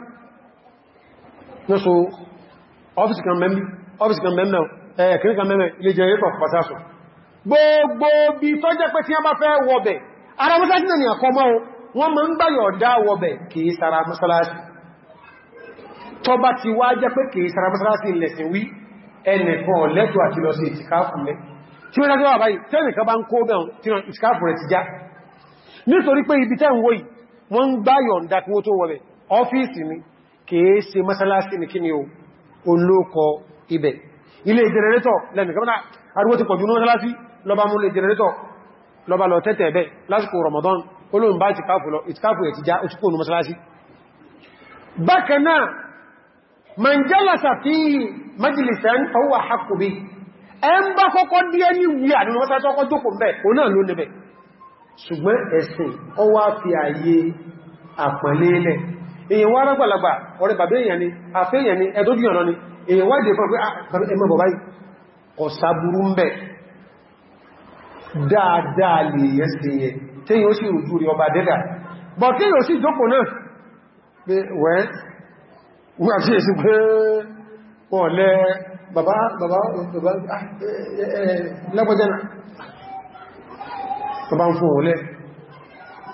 ní so ọ́fíìsì kan mẹ́mí ọ́fíìsì kan mẹ́mí ẹ̀kìrí kan mẹ́mí ilé jẹ́ ẹ̀kọ́ pàtàṣọ gbogbo bí tó jẹ́ pé tí a bá fẹ́ wọ̀bẹ̀ ara mọ́sájì náà ni àkọmọ́ wọn ma ń gbáyọ̀ dá wọ̀bẹ̀ kìí sara mọ́sálásí tó bá ti wá jẹ́ pé kìí sara mọ́sálásí lẹ̀sìn wí ẹnìkan lẹ́tọ̀ àti lọ sí ìtìkáfù lẹ́ tí ó dájọ́ àbáyì tẹ́nìkan bá ń kó bẹ̀ ni kìí ṣe mọ́sálásí ní kíni olóòkọ ibẹ̀ ilé jẹrẹrétọ̀ lẹ́nìkan arúgbó ti pọ̀jú ní mọ́sálásí lọba mú lè jẹrẹrétọ̀ lọba lọ tẹ́tẹ̀ ẹ̀bẹ̀ lásìkò Ramadan olóòrùn bá ìtìkáfù lọ ìtìkáfù ẹ̀ ti já ó ti kó ní mọ́sálásí bákan náà man jalasa fi bi ẹn bá kọ́kọ́ díẹ̀ ní wíyà nínú mọ́sálásí ọkọ́ jókòó èyàn wá rágbàlagbà ọ̀rẹ́ bàbá èyàn ni àfẹ́ èyàn ni ẹ̀dójú ọ̀nà ni èyàn wá ìdè fún ọgbẹ́ ah, ẹmọ bàbá yìí ọ̀sá burú ń bẹ̀ dáadáa lè yẹ́ sí yẹ téyàn ó sì rùjú rí ọba dẹ́dà bọ̀ téyàn ó ń fún òun lẹ́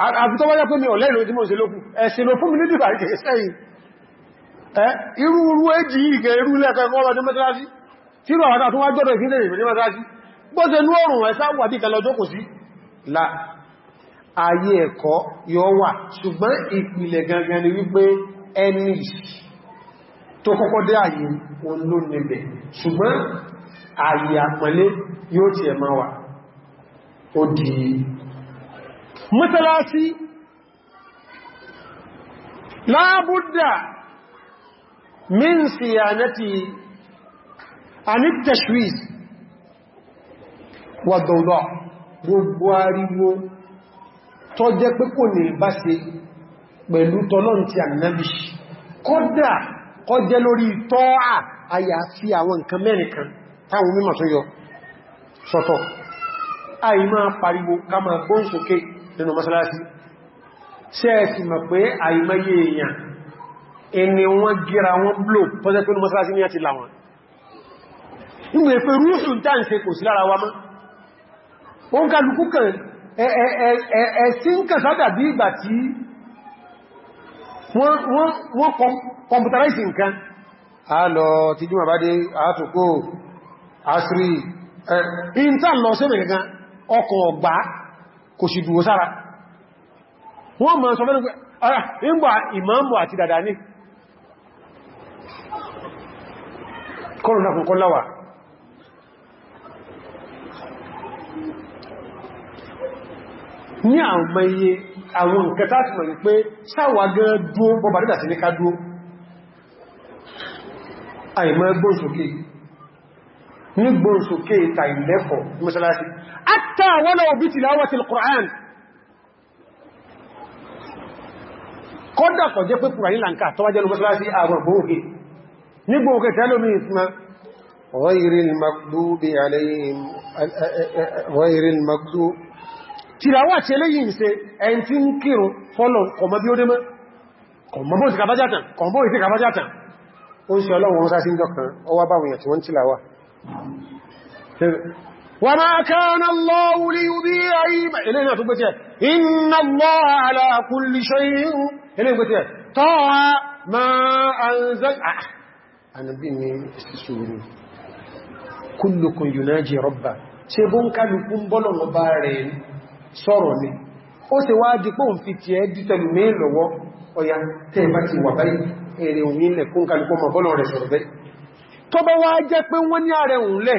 àfi tó wáyá pé mi ọ̀lẹ́ ìlú tí mo ṣe lókù ẹ̀sìn ló fún mi nídìbà ìkẹ̀ẹ́ sẹ́yìn irú irú èjì ìkẹ̀ irú lẹ́ẹ̀kẹ́ ọlọ́dún mẹ́tẹ́lásí tí ìrọ̀ àwọn àtúnwà gbọ́dọ̀ ìfínlẹ̀ la ayé ẹ̀kọ́ yọ wà ṣùgbọ́n ìpìlẹ̀ gangan ni wípé ẹni tó kọ́kọ́ dé ayé olónibẹ̀ ṣùgbọ́n ayé àpẹẹlẹ́ yóò mọ́sálásí láàbúdà min siyanati anitashwiz wà dọ̀dọ̀ gbogbo ariwo tó jẹ́ pé kò ní bá ṣe pẹ̀lú tọ́lọ́n ti ànábì kódà kọjẹ́ lórí tọ́à àyàfi àwọn nǹkan mẹ́rin kan táwọn mímọ̀ tó yọ sọ́tọ̀ àìmá pariwo ká máa gbóǹsókè nínú mọ́sálásí ṣẹ́ẹ̀sì mọ̀ pé àìmọye èèyàn ẹni wọ́n gíra wọ́n blò pọ́sẹ́ pé nínú mọ́sálásí ní àti láwọn inú èfẹ́ rúùsùn dáǹsẹ kò sí lára wa mọ́ wọ́n kálukú kan ẹ̀ẹ̀ẹ̀ẹ̀ẹ̀sí ń kàn sádà bí ìgbà tí wọ́n kọmpútaráìsì nǹkan a lọ tí jíma bá dé àátùkò asiri ìntà lọ sí ọkọ̀ ọgbà kò sì dúró sára wọ́n mọ̀ sọ mẹ́rin pé ara ìgbà ìmáàmù àti dàdà ní kọlùnà kùnkọ́ láwà ní àwọn iye àwọn nǹkan tàbí mọ̀ pé sáwà gan dúó bọ́bà dídà sí ní ká dúó àìmọ́ gbóǹsókè ní gbóǹsókè ìtàìlẹ́kọ̀ọ́ mọ́sálásí حتى ولو بتلاوة القرآن kọ́dà kọ̀ jẹ́ pé kùràní lànkà tó wájẹ́ lọ́gbọ́sí àwọn gbóòkè ní gbóòkè tẹ́lómi ìsinmi ọ̀rẹ́rin magdúbí alayhim ọ̀rẹ́rin magdú tìràwà tí eléyìn ṣe ẹn tí ń kírun fọ́lọ̀ kọmọ bí ó dé mọ́ kọmọ bí ó ti kàbájátàn ó ń ṣe ọlọ́run وما كان الله ليضيع إلينا تبتيا إن الله على كل شيء إلينا تبتيا طاع ما أنزل أنا بني استسوري كلكم يناجي ربا سيبون كالكم بلو مبارين sọ́rọ̀ ó sì wá dípò ń fi ti ẹ́ dítẹ̀lù mí lọ́wọ́ ọya tẹ́ bá ti wà báyìí èrè òun ilẹ̀ kún kàlùkọ́ mọ̀ bọ́lọ̀ rẹ̀ sọ̀rọ̀ bẹ́ tó bá wá jẹ́ pé wọ́n ní ààrẹ òun lẹ̀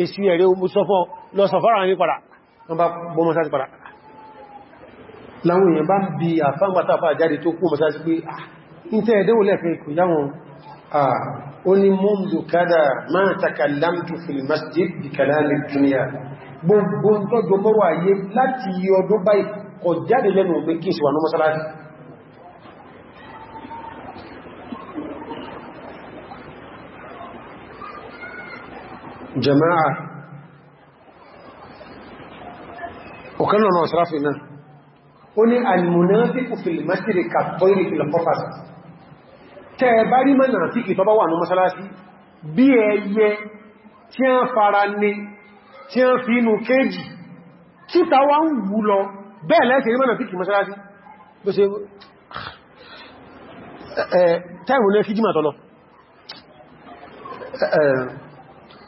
èsù ẹ̀rẹ́ omúsọ́fọ́ lọ sọ̀fọ́ra ní padà wọ́n bá bọ́ mọ́sáàtì padà láwọn èèyàn bá ń bi àfáǹgbàtàfà jáde tó kú mọ́sáàtì pé ìtẹ́ ah, ẹ̀dẹ́wò lẹ́fẹ́ kò yáwọn ah, ó ní bi kalami dunya gbogbo ń tọ́jọ mọ́wàá yé láti ọdún báyìí kọ̀ jáde lẹ́nu jama'a ọ̀kan náà ọ̀sáráfì náà ó ní alìmùnáfíkù fìlìmásírì kàtọ́ìrì fìlìkọ́fà tẹ́ bá rí mọ́nà tí kì tọ́bá wà ní mọ́sálásí bí ẹyẹ tí a fara ní tí a fi inú kéjì tí tàwà ń wù lọ bẹ́ẹ̀ lẹ́sẹ̀ rí mọ́nà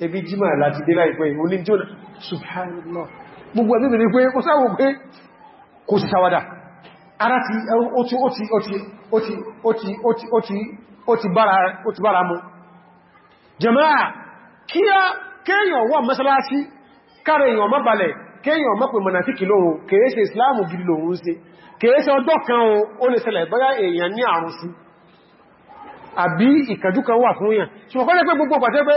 ebi jímà láti dé láìpẹ́ oní tí ó subhanallah gbogbo ẹ̀mí bèèrè pé ó sáwò pé kò sí sáwádà ara ti ó ti bára mú jama'a kí a kéèyàn wà mọ́sálásí kára èèyàn má balẹ̀ kéèyàn má pè lóòrùn kèése islamu gidi lóòrùn sí kèése ọjọ́ kan ó lè ṣẹlẹ̀ bóyá èèyàn ní àrùn sí àbí ìkàjú kan wà fún èèyàn ṣùgbọ́n kọ́lẹ̀ gbogbo pàtẹ́ pé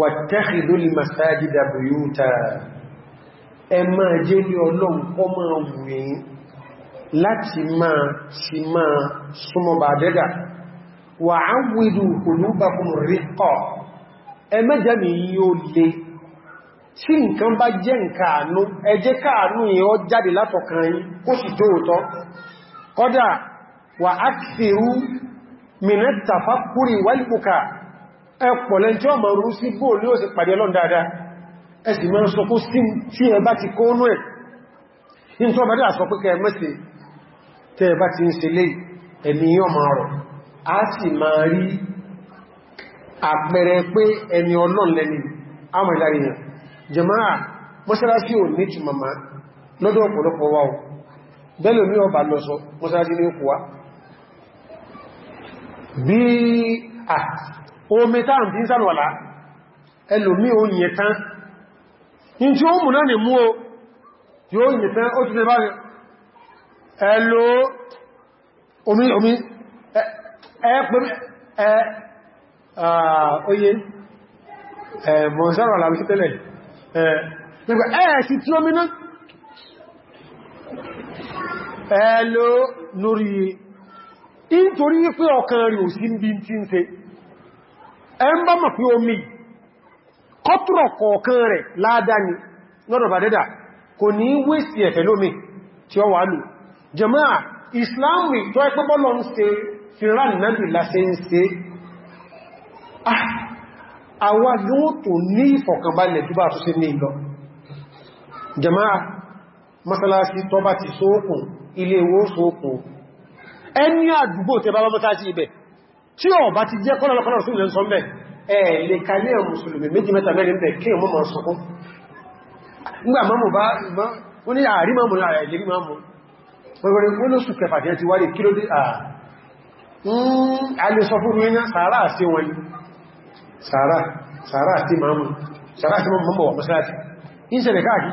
wàtẹ́kìdó lè masájídà bí yóò tàà ẹ máa jẹ́ ní ọlọ́run kọ́ máa wùí láti máa sí máa súnmọ́ bà dẹ́dà wà á wùdú olúbàkún ríkọ̀ ẹ mẹ́jẹ́ mi yíó lè tí nǹkan bá jẹ́ nǹkaànú ẹ jẹ́ káànú jáde látọkàn ẹpọ̀lẹ̀ tí ọmọ orú sí bóò ní ó sì pàdé ọlọ́n dáadáa ẹsì mọ́ sọ fún sí tí ẹ bá ti kóónú ẹ̀ in tó bẹ̀rẹ̀ àsọ pé kẹ́ẹ̀mẹ́sẹ̀ tẹ́ ẹ bá ti ń se lé ẹ̀mí ọmọ ọ̀rọ̀ a sì máa rí àpẹẹrẹ pé omi táà tí ń sàrọ̀wàlá ẹlòmí o yẹ tán in tí ó mú náà ni mú o yóò yẹ tán ó ti tẹ́bá ẹlò omi omi ẹ oye mọ̀ sàrọ̀wàlá wí tẹ́lẹ̀ ẹ̀ẹ̀sì tí omi náà ẹlò lórí nítorí pé ọkàn rí ò sí bí tí ń ṣe ẹ ń bá mọ̀ pé omi kọ́tùrọ̀ kọ̀ọ̀kan rẹ̀ láadá ni lọ́dọ̀ bà dẹ́dà kò ní wéṣì ẹ̀fẹ̀ lómi tí ó wà lù jàmáà ìsìláàmù tó ẹgbẹ́ bọ́lọ̀ ń ṣe fìrán náàbì lásẹ ń ṣe ah, àwa yóò tó ní ìfọ̀kànbalẹ̀ tó bá tó sí ní ìlọ jàmáà ẹni àdúgbò tẹ bá ibẹ̀ tí ó bá ti jẹ́ kọ́lọ̀lọ́kọ́lọ̀ sí ilẹ̀ sọ́mẹ́ ẹ̀ lè ka ní ẹ̀mù mùsùlùmí méjì mẹ́ta mẹ́rin bẹ̀ kí ọmọ máa sọkún nígbà mọ́mù bá wọ́n ní ààrí mọ́mù náà rẹ̀ lérí mọ́mù wọ́n ló sùn kẹfà jẹ́ ti wáyé kí ló dé ààrẹ hmm, sọ fún rínà sàárà sí wọn sàárà sàárà sí mọ́mù sàárà sí mọ́mù wà mọ́sálásí ìṣẹ̀lẹ̀ káàkì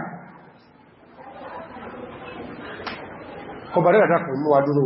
kọbàrẹ́ àdákùn mú wa dúró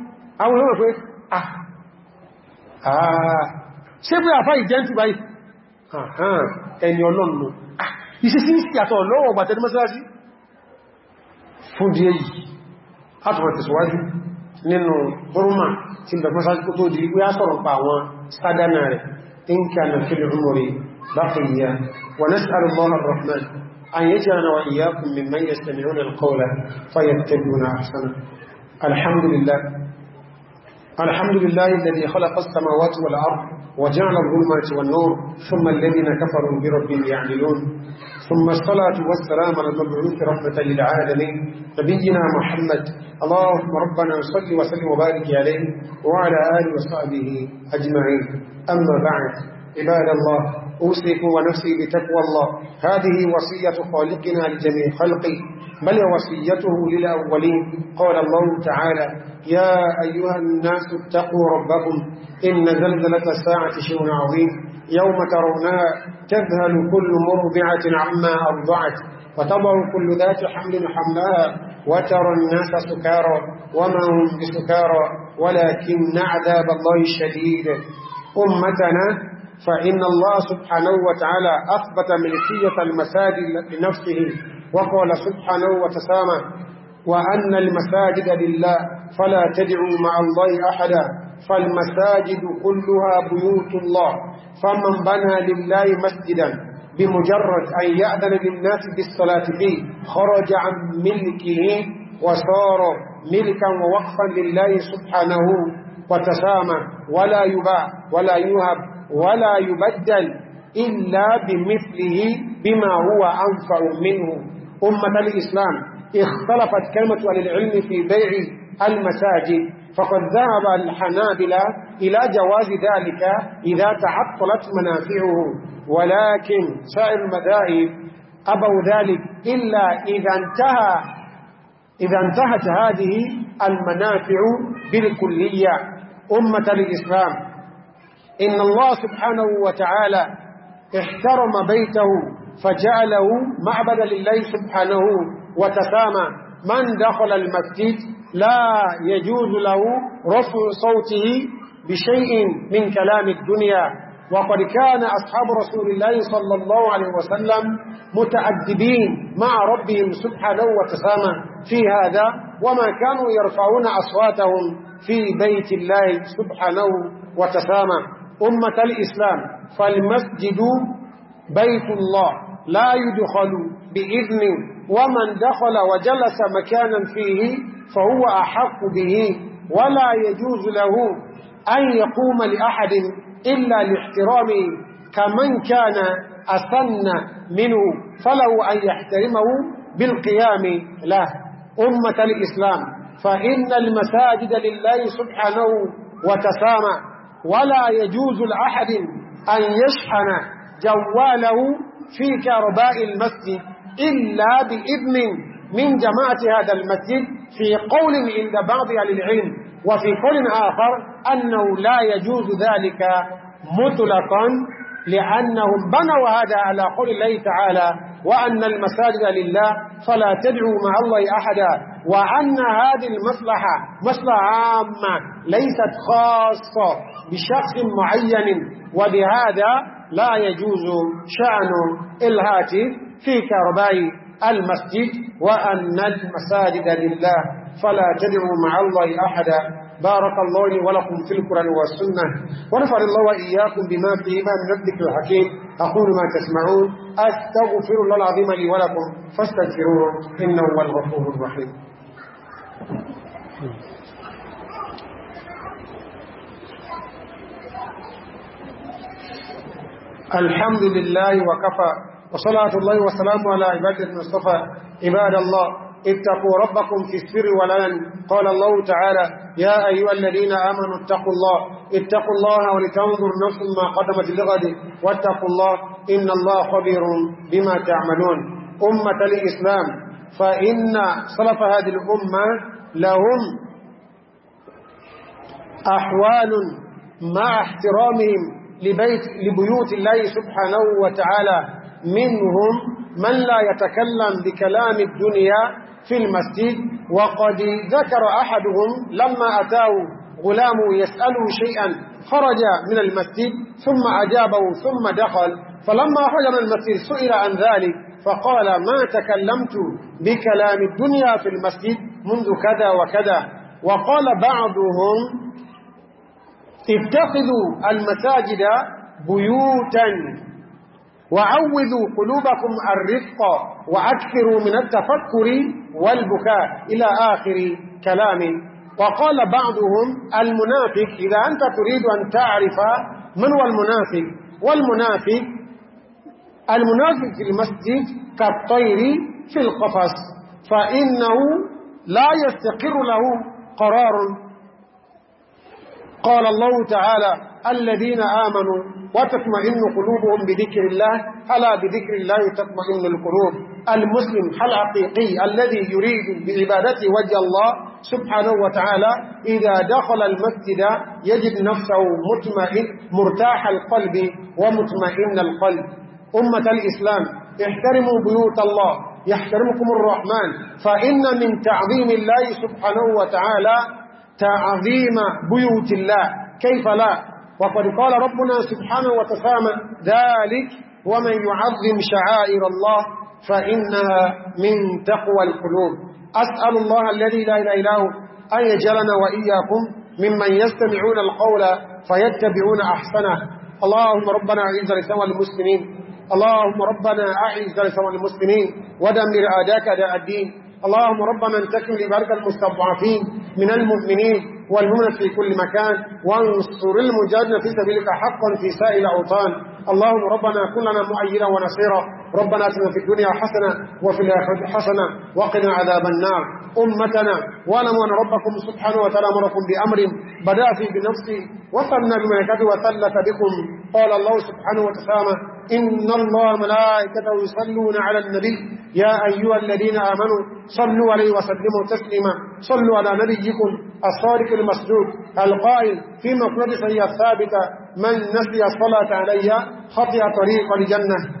àwọn èèyàn pé ah, ah, ṣe pé àfá ìjẹ́ntù báyìí ẹni ọlọ́nà ah, iṣẹ́ sí ìsì àtọ̀ lọ́wọ́ ọgbà tẹ́lú mọ́sílájí fún di èyí àtọ̀rọ̀tẹ̀síwájú nínú burma tí bẹ̀ mọ́sílájí tó di wé ásọ̀rọ̀ pa àwọn sádánà rẹ̀ in kí a nà fi lùmọ̀rí báfìyà wà nẹ́sàrùn-ún أن يجعلنا يستمعون القول فيتبعون أحسنه الحمد لله الحمد لله الذي خلق السماوات والأرض وجعل الظلمات والنور ثم الذين كفروا بربهم يعملون ثم الصلاة والسلام على المبعوث رحمة للعالمين نبينا محمد اللهم ربنا صل وسلم وبارك عليه وعلى آله وصحبه أجمعين أما بعد عباد الله أوصيكم ونفسي بتقوى الله هذه وصية خالقنا لجميع خلقه بل وصيته للأولين قال الله تعالى يا أيها الناس اتقوا ربكم إن زلزلة الساعة شيء عظيم يوم ترونها تذهل كل مربعة عما أرضعت وتضع كل ذات حمل حملها وترى الناس سكارى وما هم بسكارى ولكن عذاب الله شديد أمتنا فإن الله سبحانه وتعالى أثبت ملكية المساجد لنفسه وقال سبحانه وتسامى وأن المساجد لله فلا تدعوا مع الله أحدا فالمساجد كلها بيوت الله فمن بنى لله مسجدا بمجرد أن يأذن للناس بالصلاة فيه خرج عن ملكه وصار ملكا ووقفا لله سبحانه وتسامى ولا يباع ولا يهب ولا يبدل إلا بمثله بما هو أنفع منه أمة الإسلام اختلفت كلمة العلم في بيع المساجد فقد ذهب الحنابلة إلى جواز ذلك إذا تعطلت منافعه ولكن سائر المذاهب أبوا ذلك إلا إذا انتهى إذا انتهت هذه المنافع بالكلية أمة الإسلام إن الله سبحانه وتعالى احترم بيته فجعله معبدا لله سبحانه وتسامى من دخل المسجد لا يجوز له رفع صوته بشيء من كلام الدنيا وقد كان أصحاب رسول الله صلى الله عليه وسلم متعذبين مع ربهم سبحانه وتسامى في هذا وما كانوا يرفعون أصواتهم في بيت الله سبحانه وتسامى أمة الإسلام فالمسجد بيت الله لا يدخل بإذن ومن دخل وجلس مكانا فيه فهو أحق به ولا يجوز له أن يقوم لأحد إلا لاحترامه كمن كان أسن منه فله أن يحترمه بالقيام له أمة الإسلام فإن المساجد لله سبحانه وتسامى ولا يجوز لأحد أن يشحن جواله في كهرباء المسجد إلا بإذن من جماعة هذا المسجد في قول عند بعض أهل العلم وفي قول آخر أنه لا يجوز ذلك مطلقا لأنهم بنوا هذا على قول الله تعالى وأن المساجد لله فلا تدعوا مع الله أحدا وأن هذه المصلحة مصلحة عامة ليست خاصة بشخص معين وبهذا لا يجوز شأن الهات في كرباء المسجد وأن المساجد لله فلا تدعوا مع الله أحدا بارك الله لي ولكم في القرآن والسنة ونفعل الله وإياكم بما في من الذكر الحكيم أقول ما تسمعون أستغفر الله العظيم لي ولكم فاستغفروه إنه هو الغفور الرحيم الحمد لله وكفى وصلاة الله وسلام على عباد المصطفى عباد الله اتقوا ربكم في السر والأن قال الله تعالى يا أيها الذين آمنوا اتقوا الله اتقوا الله ولتنظر نفس ما قدمت لغد واتقوا الله إن الله خبير بما تعملون أمة الإسلام فإن صلف هذه الأمة لهم أحوال مع احترامهم لبيت لبيوت الله سبحانه وتعالى منهم من لا يتكلم بكلام الدنيا في المسجد وقد ذكر أحدهم لما أتاه غلام يسأله شيئا خرج من المسجد ثم أجابه ثم دخل فلما خرج من المسجد سئل عن ذلك فقال ما تكلمت بكلام الدنيا في المسجد منذ كذا وكذا وقال بعضهم اتخذوا المساجد بيوتا وعوذوا قلوبكم الرفق وأكثروا من التفكر والبكاء إلى آخر كلام وقال بعضهم المنافق إذا أنت تريد أن تعرف من هو المنافق والمنافق المنافق في المسجد كالطير في القفص فإنه لا يستقر له قرار قال الله تعالى الذين آمنوا وتطمئن قلوبهم بذكر الله ألا بذكر الله تطمئن القلوب المسلم الحقيقي الذي يريد بعبادته وجه الله سبحانه وتعالى إذا دخل المسجد يجد نفسه مطمئن مرتاح القلب ومطمئن القلب أمة الإسلام احترموا بيوت الله يحترمكم الرحمن فإن من تعظيم الله سبحانه وتعالى تعظيم بيوت الله كيف لا وقد قال ربنا سبحانه وتسامى ذلك ومن يعظم شعائر الله فإنها من تقوى القلوب أسأل الله الذي لا إله إلا هو أن يجعلنا وإياكم ممن يستمعون القول فيتبعون أحسنه اللهم ربنا أعز لسوى والمسلمين اللهم ربنا أعز لسوى والمسلمين ودمر آداك أداء الدين اللهم ربنا تكن لبرك المستضعفين من المؤمنين والمؤمنة في كل مكان وانصر المجاهدين في سبيلك حقا في سائل أوطان اللهم ربنا كلنا مؤيدا ونصيرا ربنا اتنا في الدنيا حسنة وفي الآخرة حسنة وقنا عذاب النار أمتنا واعلموا أن ربكم سبحانه وتعالى أمركم بأمر بدأ في بنفسه وصلنا بملكته وثلث بكم قال الله سبحانه وتعالى إن الله ملائكته يصلون على النبي يا أيها الذين آمنوا صلوا عليه وسلموا تسليما صلوا على نبيكم الصادق المسجود القائل في مقلد سيئة ثابتة من نسي الصلاة علي خطئ طريق الجنة